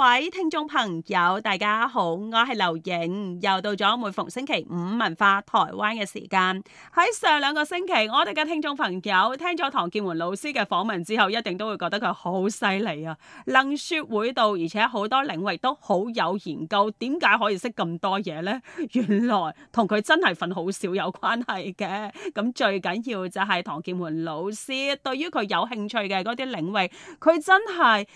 各位聽眾朋友，大家好，我係劉影，又到咗每逢星期五文化台灣嘅時間。喺上兩個星期，我哋嘅聽眾朋友聽咗唐健垣老師嘅訪問之後，一定都會覺得佢好犀利啊，能說會道，而且好多領域都好有研究。點解可以識咁多嘢咧？原來同佢真係瞓好少有關係嘅。咁最緊要就係唐健垣老師對於佢有興趣嘅嗰啲領域，佢真係。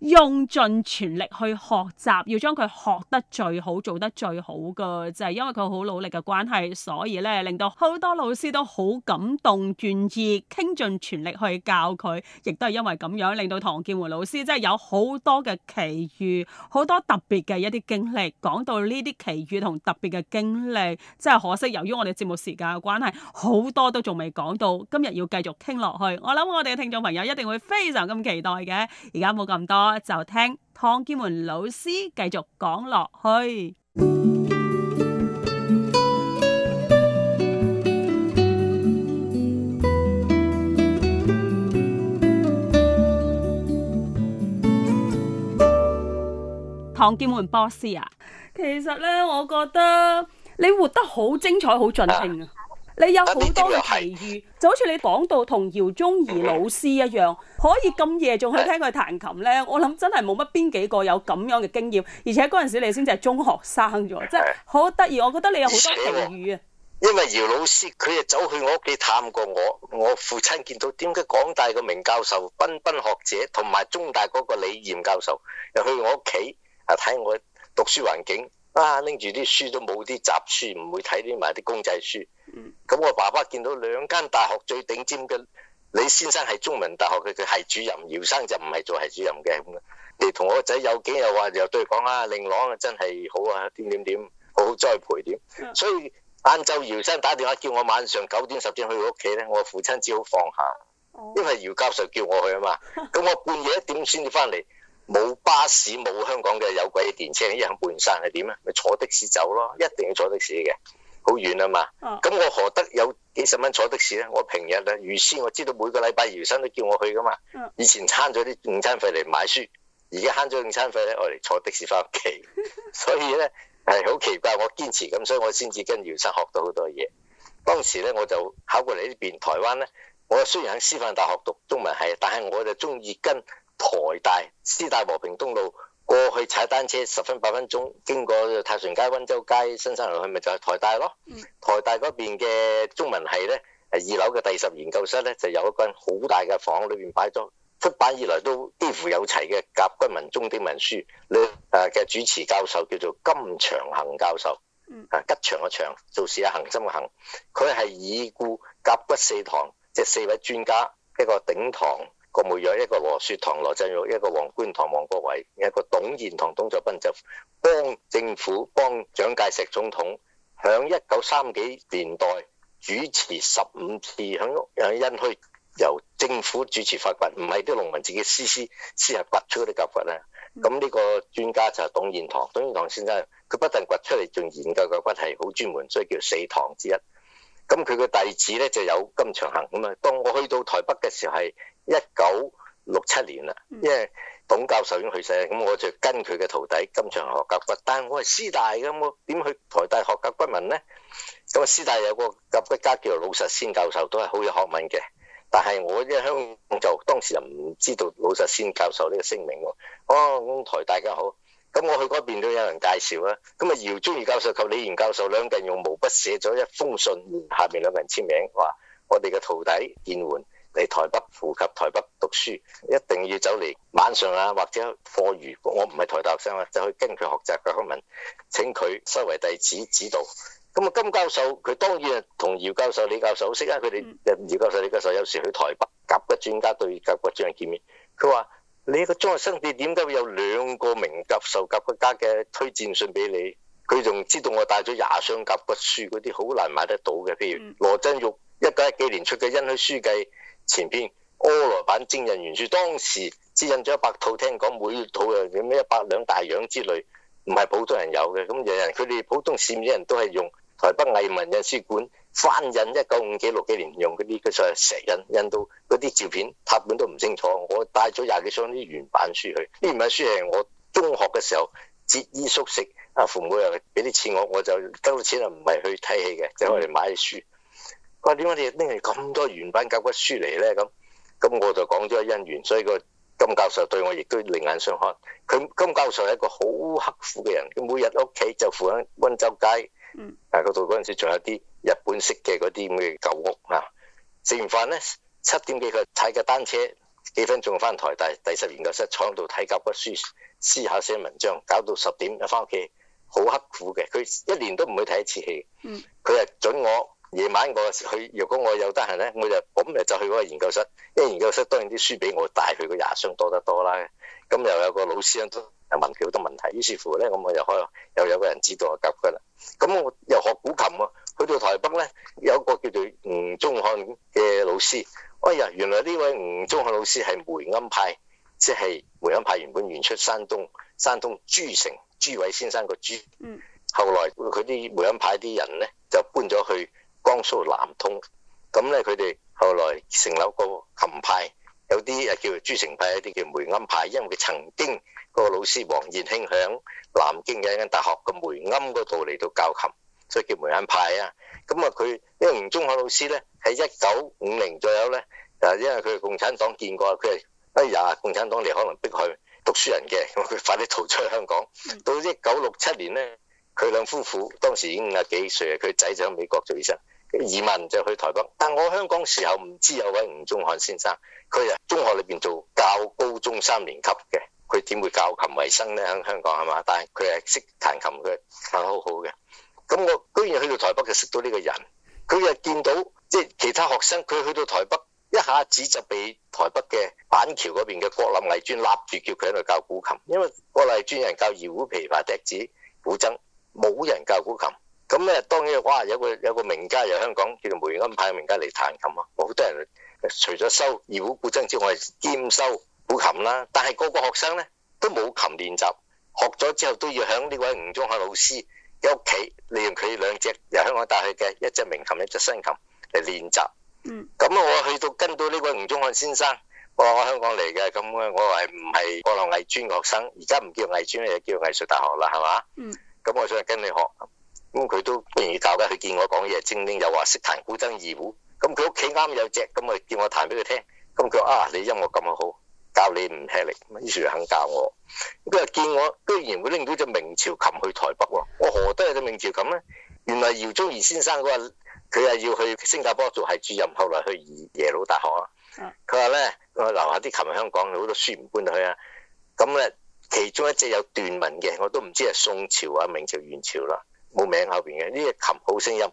用盡全力去學習，要將佢學得最好、做得最好噶，就係、是、因為佢好努力嘅關係，所以咧，令到好多老師都好感動、願意傾盡全力去教佢，亦都係因為咁樣令到唐健垣老師真係有好多嘅奇遇、好多特別嘅一啲經歷。講到呢啲奇遇同特別嘅經歷，真係可惜，由於我哋節目時間嘅關係，好多都仲未講到，今日要繼續傾落去。我諗我哋嘅聽眾朋友一定會非常咁期待嘅。而家冇咁多。我就聽唐健垣老師繼續講落去。唐健垣博士啊，其實咧，我覺得你活得好精彩，好盡興啊！你有好多嘅奇遇，就好似你講到同姚宗儀老師一樣，可以咁夜仲去聽佢彈琴呢。我諗真係冇乜邊幾個有咁樣嘅經驗，而且嗰陣時你先至係中學生咗，即係好得意。我覺得你有好多奇遇啊！因為姚老師佢又走去我屋企探過我，我父親見到點解港大嘅名教授、彬彬學者同埋中大嗰個李嚴教授又去我屋企睇我讀書環境。啊！拎住啲書都冇啲雜書，唔會睇啲埋啲公仔書。咁我爸爸見到兩間大學最頂尖嘅李先生係中文大學嘅，佢系主任。姚生就唔係做系主任嘅咁。你同我個仔有幾日話又對佢講啊，令郎真係好啊，點點點，好好栽培點。所以晏晝姚生打電話叫我晚上九點十點去佢屋企咧，我父親只好放下，因為姚教授叫我去啊嘛。咁我半夜一點先至翻嚟。冇巴士冇香港嘅有軌電車，你行半山係點咧？咪坐的士走咯，一定要坐的士嘅，好遠啊嘛。咁我何得有幾十蚊坐的士咧？我平日啊預先我知道每個禮拜姚生都叫我去噶嘛。以前慳咗啲午餐費嚟買書，而家慳咗午餐費咧，我嚟坐的士翻屋企。所以咧係好奇怪，我堅持咁，所以我先至跟姚生學到好多嘢。當時咧我就考過嚟呢邊台灣咧，我雖然喺師範大學讀中文系，但係我就中意跟。台大師大和平東路過去踩單車十分八分鐘，經過泰順街、温州街、新生路去，咪就係、是、台大咯。台大嗰邊嘅中文係咧，誒二樓嘅第十研究室咧，就有一間好大嘅房裡面擺，裏邊擺咗出版以來都幾乎有齊嘅甲骨文中啲文書。你誒嘅主持教授叫做金祥恒教授，啊吉祥嘅祥，做事啊恒心嘅恒，佢係已故甲骨四堂，即係四位專家一個頂堂。郭沫若，一個羅雪堂、羅振玉，一個王觀堂、王國維，一個董彥堂、董作賓。就幫政府幫蔣介石總統響一九三幾年代主持十五次響，誒殷墟由政府主持發掘，唔係啲農民自己私私私下掘出嗰啲甲骨咧。咁呢個專家就係董彥堂，董彥堂先生佢不但掘出嚟，仲研究甲骨係好專門，所以叫四堂之一。咁佢嘅弟子咧就有金長行咁啊。當我去到台北嘅時候係。一九六七年啦，因為董教授已經去世，咁我就跟佢嘅徒弟金長河學甲骨，但係我係師大嘅，我點去台大學甲骨文咧？咁啊，師大有個甲骨家叫做老實先教授，都係好有學問嘅。但係我喺香港就當時又唔知道老實先教授呢個聲名喎。哦，咁台大家好，咁我去嗰邊都有人介紹啦。咁啊，姚忠義教授同李賢教授兩個人用毛筆寫咗一封信，下面兩個人簽名，話我哋嘅徒弟健垣。現嚟台北附及台北讀書，一定要走嚟晚上啊，或者課餘。我唔係台大學生啊，就去跟佢學習嘅。阿文請佢收為弟子指導。咁啊，金教授佢當然係同姚教授、李教授識啊，佢哋姚教授、李教授有時去台北甲骨專家對甲骨專人見面。佢話：你個中學生你點解會有兩個名甲獸甲骨家嘅推薦信俾你？佢仲知道我帶咗廿箱甲骨書嗰啲好難買得到嘅，譬如羅振玉一九一幾年出嘅《殷墟書契》。前篇柯羅版精印原書，當時只印咗一百套，聽講每套有咩一百兩大洋之類，唔係普通人有嘅。咁有人佢哋普通市民人都係用台北藝文印書館翻印一九五幾六幾年用嗰啲，佢就係石印，印到嗰啲照片拓本都唔清楚。我帶咗廿幾箱啲原版書去，呢原版書係我中學嘅時候節衣縮食，阿父母又俾啲錢我，我就得到錢啊，唔係去睇戲嘅，就係嚟買書。嗯喂，點解你拎咁多原版甲骨書嚟咧？咁咁我就講咗姻緣，所以個金教授對我亦都另眼相看。佢金教授係一個好刻苦嘅人，佢每日屋企就附近溫州街，嗯，嗰度嗰陣時仲有啲日本式嘅嗰啲咁嘅舊屋嚇。食完飯咧，七點幾佢踩架單車幾分鐘翻台大第十研究室廠度睇甲骨書，思考寫文章，搞到十點又翻屋企，好刻苦嘅。佢一年都唔會睇一次戲。嗯，佢係準我。夜晚我去，如果我又得閒咧，我就咁就去嗰個研究室。因為研究室當然啲書比我大，佢個廿箱多得多啦。咁又有個老師啊，問佢好多問題。於是乎咧，我又開又有個人知道我急嘅啦。咁我又學古琴喎。去到台北咧，有個叫做吳宗漢嘅老師。哎呀，原來呢位吳宗漢老師係梅庵派，即係梅庵派原本原出山東，山東諸城諸位先生個諸。嗯。後來佢啲梅庵派啲人咧，就搬咗去，江蘇南通咁咧，佢哋後來成立個琴派，有啲誒叫做諸城派，有啲叫梅庵派。因為佢曾經個老師王燕卿響南京嘅一間大學個梅庵嗰度嚟到教琴，所以叫梅庵派啊。咁啊，佢因為吳宗漢老師咧喺一九五零左右咧，啊，因為佢係共產黨見過，佢係哎呀，共產黨你可能逼佢讀書人嘅，咁佢快啲逃出香港。到一九六七年咧，佢兩夫婦當時已經五啊幾歲啊，佢仔就喺美國做醫生，移民就去台北，但我香港時候唔知有位吳宗漢先生，佢啊中學裏邊做教高中三年級嘅，佢點會教琴為生呢？喺香港係嘛？但係佢係識彈琴，佢彈得好好嘅。咁我居然去到台北就識到呢個人，佢又見到即係、就是、其他學生，佢去到台北一下子就被台北嘅板橋嗰邊嘅國立藝專立住叫佢喺度教古琴，因為國立藝專人教二胡、琵琶、笛子、古箏，冇人教古琴。咁咧，當然哇，有個有個名家由香港叫做梅庵派嘅名家嚟彈琴啊！好多人除咗收二胡、古箏之外，兼收古琴啦。但係個個學生咧都冇琴練習，學咗之後都要響呢位吳宗漢老師嘅屋企，利用佢兩隻由香港帶去嘅一隻名琴、一隻新琴嚟練習。嗯。咁啊，我去到跟到呢位吳宗漢先生，我話我香港嚟嘅，咁我我係唔係國立藝專嘅學生？而家唔叫藝專啦，就叫藝術大學啦，係嘛？嗯。咁我想跟你學。咁佢都唔願意教嘅，佢見我講嘢精靈，又話識彈古箏二胡。咁佢屋企啱有隻，咁啊叫我彈俾佢聽，咁佢話啊你音樂咁好，教你唔吃力，於是就肯教我。佢話見我居然會拎到隻明朝琴去台北喎，我、哦、何得有隻明朝琴咧？原來姚宗儀先生嗰個，佢係要去新加坡做系主任，後來去耶魯大學啊。嗯。佢話咧，留下啲琴喺香港，好多書唔搬去啊。咁咧，其中一隻有斷紋嘅，我都唔知係宋朝啊、明朝、元朝啦。冇名後邊嘅呢隻琴好聲音，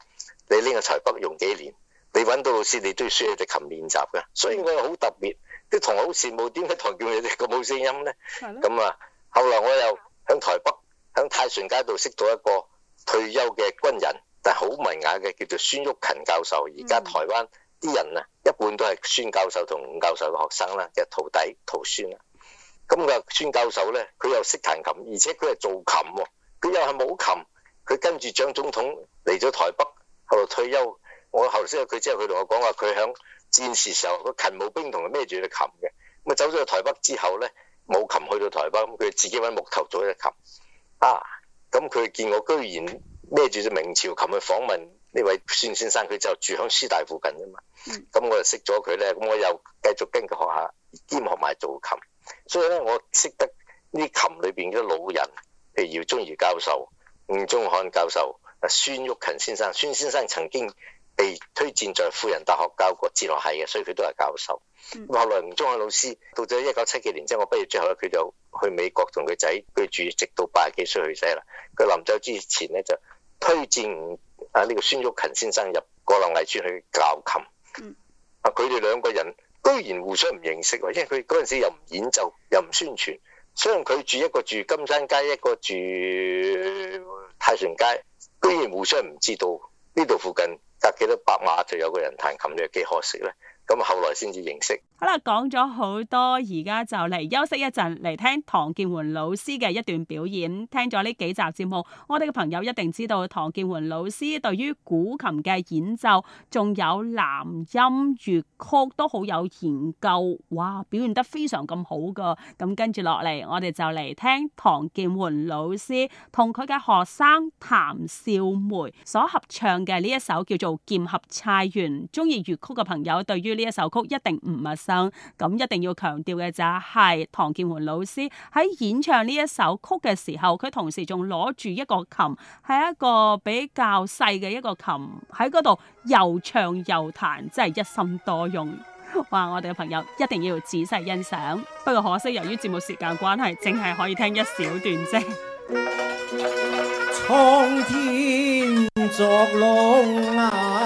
你拎去台北用幾年？你揾到老師，你都要需要隻琴練習嘅。所以我又好特別，啲同學好羨慕，點解台叫你佢個冇聲音咧？咁啊，後嚟我又喺台北，喺泰順街度識到一個退休嘅軍人，但係好文雅嘅，叫做孫毓芹教授。而家台灣啲人啊，一半都係孫教授同吳教授嘅學生啦，嘅徒弟徒孫啦。咁個孫教授咧，佢又識彈琴，琴，而且佢係做琴喎，佢又係冇琴。佢跟住蔣總統嚟咗台北，後來退休。我後來識咗佢之後，佢同我講話，佢響戰時時候個勤務兵同佢孭住隻琴嘅。咁啊走咗去台北之後咧，冇琴去到台北，咁佢自己搵木頭做隻琴。啊，咁佢見我居然孭住隻明朝琴去訪問呢位孫先生，佢就住響師大附近噶嘛。咁我就識咗佢咧，咁我又繼續跟佢學下，兼學埋做琴。所以咧，我識得呢琴裏邊嗰啲老人，譬如姚忠儀教授。吳宗漢教授、阿孫玉勤先生，孫先生曾經被推薦在輔仁大學教過哲學系嘅，所以佢都係教授。後來吳宗漢老師到咗一九七幾年即係我畢業之後咧，佢就去美國同佢仔居住，直到八十幾歲去世啦。佢臨走之前咧就推薦阿呢個孫玉勤先生入國立藝專去教琴。啊，佢哋兩個人居然互相唔認識，因為佢嗰陣時候又唔演奏，又唔宣傳。雖然佢住一個住金山街，一個住泰順街，居然互相唔知道呢度附近隔幾多百碼就有個人彈琴，又幾可惜咧。咁後來先至認識。好啦，講咗好多，而家就嚟休息一陣，嚟聽唐健垣老師嘅一段表演。聽咗呢幾集節目，我哋嘅朋友一定知道唐健垣老師對於古琴嘅演奏，仲有南音粵曲都好有研究。哇，表現得非常咁好噶。咁跟住落嚟，我哋就嚟聽唐健垣老師同佢嘅學生譚少梅所合唱嘅呢一首叫做《劍合釵圓》。中意粵曲嘅朋友，對於呢一首曲一定唔陌生，咁一定要強調嘅就係唐健垣老師喺演唱呢一首曲嘅時候，佢同時仲攞住一個琴，係一個比較細嘅一個琴，喺嗰度又唱又彈，真係一心多用。哇，我哋嘅朋友一定要仔細欣賞，不過可惜由於節目時間關係，淨係可以聽一小段啫。蒼天作弄啊！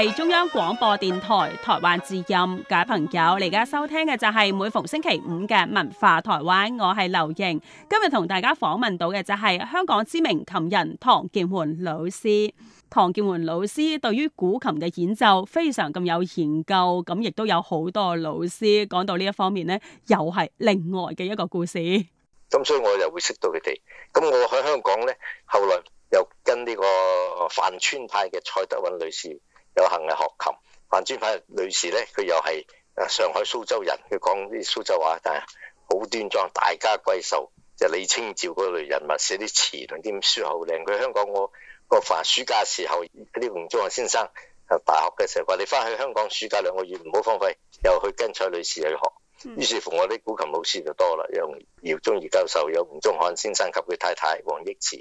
係中央廣播電台台灣之音，各位朋友，而家收聽嘅就係每逢星期五嘅文化台灣。我係劉瑩，今日同大家訪問到嘅就係香港知名琴人唐健垣老師。唐健垣老師對於古琴嘅演奏非常咁有研究，咁亦都有好多老師講到呢一方面咧，又係另外嘅一個故事。咁所以我又會識到佢哋。咁我喺香港咧，後來又跟呢個泛川派嘅蔡德允女士。有幸嘅學琴，范尊派女士咧，佢又係啊上海蘇州人，佢講啲蘇州話，但係好端莊，大家閨秀就是李清照嗰類人物，寫啲詞同啲書好靚。佢香港我個凡暑假時候，啲吳宗漢先生大學嘅時候話：你翻去香港暑假兩個月唔好荒廢，又去跟蔡女士去學。於是乎我啲古琴老師就多啦，有饒宗頤教授，有吳宗漢先生及佢太太王憶慈，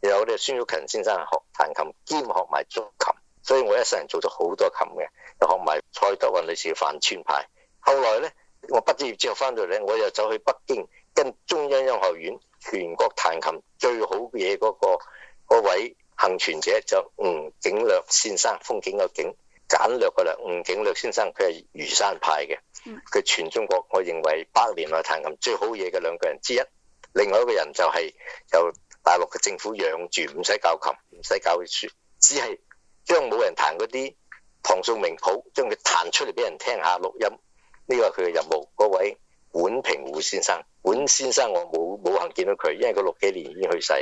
又有我哋孫毓芹先生學彈琴，琴兼學埋斲琴，琴。所以我一世人做咗好多琴嘅，又學埋蔡德運女士嘅泛川派。後來呢，我畢業之後翻到嚟，我又走去北京跟中央音樂學院全國彈琴最好嘅嗰、那個位幸存者就吳景略先生，風景嘅景簡略嘅啦。吳景略先生佢係虞山派嘅，佢全中國我認為百年來彈琴最好嘢嘅兩個人之一。另外一個人就係、是、由大陸嘅政府養住，唔使教琴，唔使教書，只係，將冇人彈嗰啲唐宋名曲，將佢彈出嚟俾人聽下錄音，呢個係佢嘅任務。嗰位管平湖先生，管先生我冇冇幸見到佢，因為佢六幾年已經去世。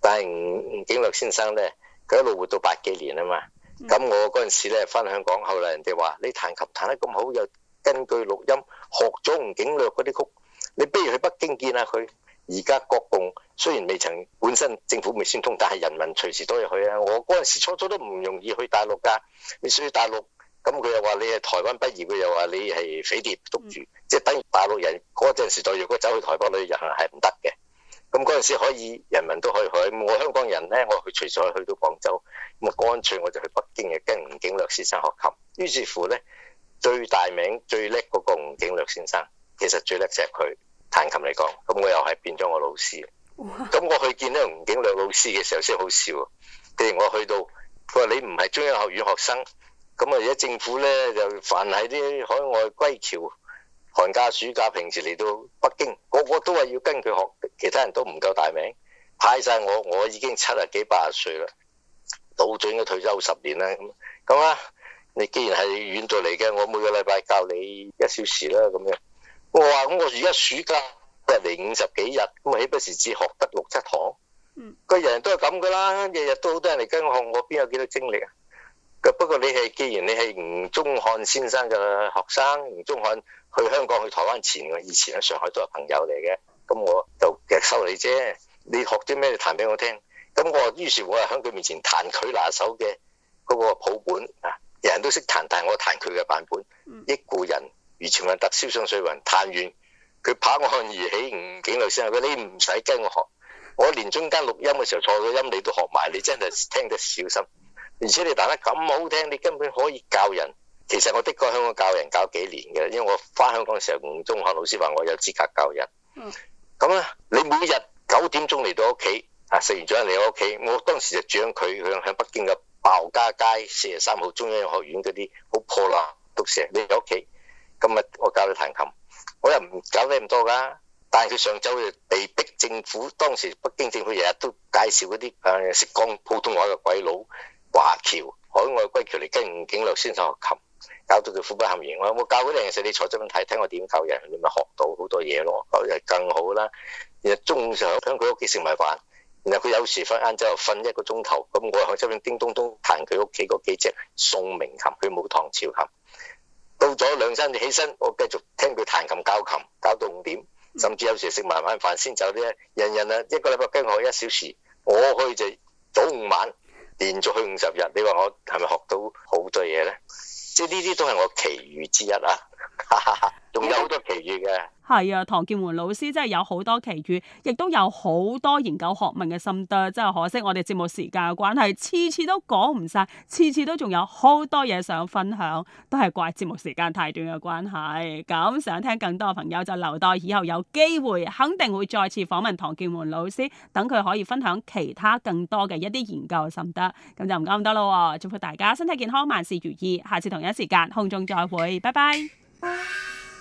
但係吳，吳景略先生咧，佢一路活到八幾年啊嘛。咁我嗰陣時咧返香港，後來人哋話你彈琴彈得咁好，又根據錄音學咗吳景略嗰啲曲，你不如去北京見下佢。而家國共雖然未曾本身政府未宣通，但係人民隨時都要去啊！我嗰陣時初初都唔容易去大陸㗎，你去大陸咁，佢又話你係台灣畢業，佢又話你係匪諜捉住，即係等於大陸人嗰陣時，如果走去台北旅行係唔得嘅。咁嗰陣時可以人民都可以去，我香港人咧，我去隨時可以去到廣州，咁啊，乾脆我就去北京嘅跟吳景略先生學琴。於是乎咧，最大名最叻嗰個吳景略先生，其實最叻就係佢。彈琴嚟講，咁我又係變咗我老師。咁我去見呢吳景略老師嘅時候先好笑。既然我去到，佢話你唔係中央學院學生，咁啊而家政府咧就凡係啲海外歸僑，寒假暑假平時嚟到北京，個個都話要跟佢學，其他人都唔夠大名，派晒我，我已經七十幾八十歲啦，老早就應該退休十年啦。咁咁啊，你既然係遠度嚟嘅，我每個禮拜教你一小時啦，咁樣。我話咁，我而家暑假嚟五十幾日，咁啊，起不時只學得六七堂。嗯。個人人都係咁噶啦，日日都好多人嚟跟學，我邊有幾多精力啊？不過你係既然你係吳宗漢先生嘅學生，吳宗漢去香港去台灣前，以前喺上海都係朋友嚟嘅，咁我就夾收你啫。你學啲咩彈俾我聽？咁我於是，我係喺佢面前彈佢拿手嘅嗰個譜本啊！人人都識彈，但係我彈佢嘅版本。嗯。憶故人。余前有特銷上水雲，有人嘆完佢拍案而起，吳景略老師，佢你唔使跟我學，我連中間錄音嘅時候錯咗音，你都學埋。你真係聽得小心，而且你彈得咁好聽，你根本可以教人。其實我的確喺香港教人教幾年嘅，因為我翻香港嘅時候，吳中漢老師話我有資格教人。嗯，咁咧，你每日九點鐘嚟到屋企，啊，食完早飯嚟我屋企，我當時就住喺佢響響北京嘅鮑家街四十三號中央學院嗰啲好破爛宿舍。你喺屋企。今日我教你彈琴，我又唔搞你咁多噶。但係佢上週就被逼政府，當時北京政府日日都介紹嗰啲誒，識講普通話嘅鬼佬華僑海外歸僑嚟跟吳景略先生學琴，搞到佢苦不堪言。我有冇教嗰啲嘢，你坐側邊睇，睇我點教人，你咪學到好多嘢咯。嗰日更好啦。然後中午就響佢屋企食埋飯，然後佢有時瞓晏晝又瞓一個鐘頭，咁我喺側邊叮咚咚彈佢屋企嗰幾隻宋明琴，佢冇唐朝琴。到咗兩三點起身，我繼續聽佢彈琴教琴，搞到五點，甚至有時食埋晚飯先走啲。人人啊，一個禮拜跟我學一小時，我去就早午晚連續去五十日，你話我係咪學到好多嘢呢？即係呢啲都係我奇遇之一啊！哈哈哈。仲有好多奇遇嘅，係啊！唐健垣老師真係有好多奇遇，亦都有好多研究學問嘅心得。真係可惜，我哋節目時間嘅關係，次次都講唔晒，次次都仲有好多嘢想分享，都係怪節目時間太短嘅關係。咁想聽更多嘅朋友就留待以後有機會，肯定會再次訪問唐健垣老師，等佢可以分享其他更多嘅一啲研究的心得。咁就唔講咁多啦。祝福大家身體健康，萬事如意。下次同一時間空中再會，拜拜。